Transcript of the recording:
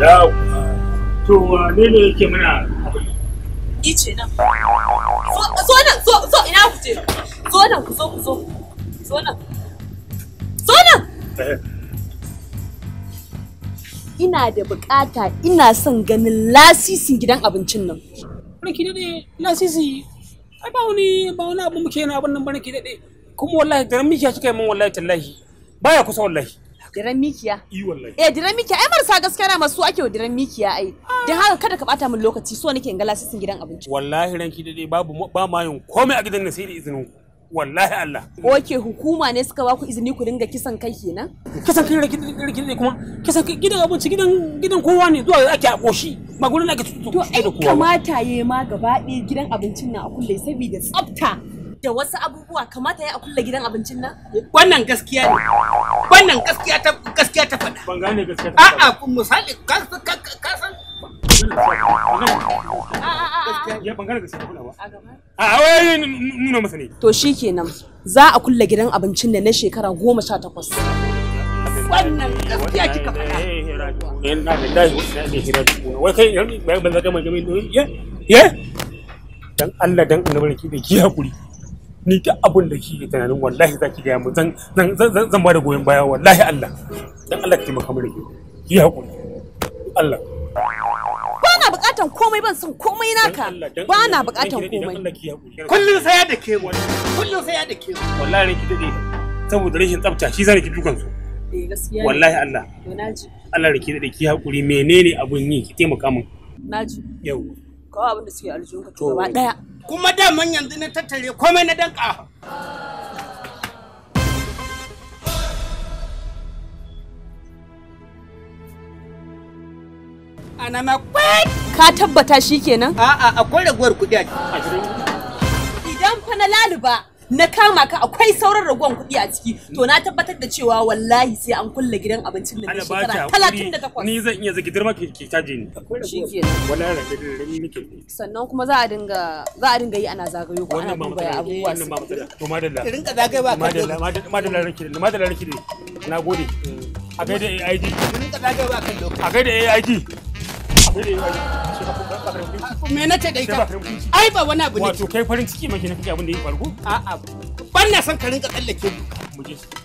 yawa to wane ne yake muna ice nan zo nan zo zo ina ku je zo nan ku zo ku zo zo nan zo nan eh. ina da bukata ina son ganin lasisin gidan abincin nan barki dade lasisi ai ba wani ba wani abu muke na abin nan barki dade kuma wallahi garin miki ya kika yi min wallahi tallahi baya kusa wallahi diran mikiya eh diran mikiya ai marasa gaskiya na masu ake diran mikiya ai ah. dan haka kada ka bata min lokaci so nake in ga lasisin gidan abinci wallahi ranki dai babu ba ma yin komai a gidan na sai da izinin ku wallahi Allah oke hukuma ne suka ba ku izini ku dinga kisan kai kenan kisan kai rakin ne kuma kisan kai gidan abinci gidan gidan kowa ne zuwa ake a koshi ba gurin ake tutu to ai kamata yi ma gaba ɗaya gidan abincin na a kulle saboda tsafta da wasu abubuwa kamata ya a kulle gidan abincin nan wannan gaskiya ne wannan gaskiya ta gaskiya ta faɗa ban gane gaskiya ta faɗa a'a misali ka ka san ya ban gane gaskiya ta faɗa ba a wai nuna masa ne to shikenan za a kulle gidan abincin da na shekara goma sha takwas wannan gaskiya kika faɗa eh, eh, eh, wai kai ban mai ya dan Allah dan ki da ki hakuri ni duk abin da kike tunanin wallahi za ki gaya mu zan zan zan ba da goyon baya wallahi Allah dan Allah ki maka mu rike ki hakuri Allah ba na bukatan komai ban san komai naka ba na bukatan komai kullun sai ya da ke kullun sai ya da ke wallahi ranki dade saboda rashin tsafta shi zan ki dukan su eh, wallahi Allah Allah rike dade ki hakuri menene abun yi ki taimaka min naji yau kawo abin da suke aljihun ka gaba daya kuma daman yanzu na tattare komai na danka ana ma ka tabbata shikenan a'a akwai raguwar kuɗi a idan fa na laluba na kama ka akwai sauran ragon kuɗi a ciki to na tabbatar da cewa wallahi sai an kulle gidan abincin da shekara 38 ni zan iya zaki dirma ki caje ni wallahi rage da ni nake sannan kuma za a dinga za a dinga yi ana zagayo ko ana bambaya abubuwa wannan ba matsala to madalla ki rinka zagaye ba madalla madalla ranki da madalla ranki da nagode a gaida AIG a gaida AIG me na ce da ita ai ba wani abu ne wato kai farin ciki maki na kake abin da ya faru a ban na son ka rinka tsallake mu je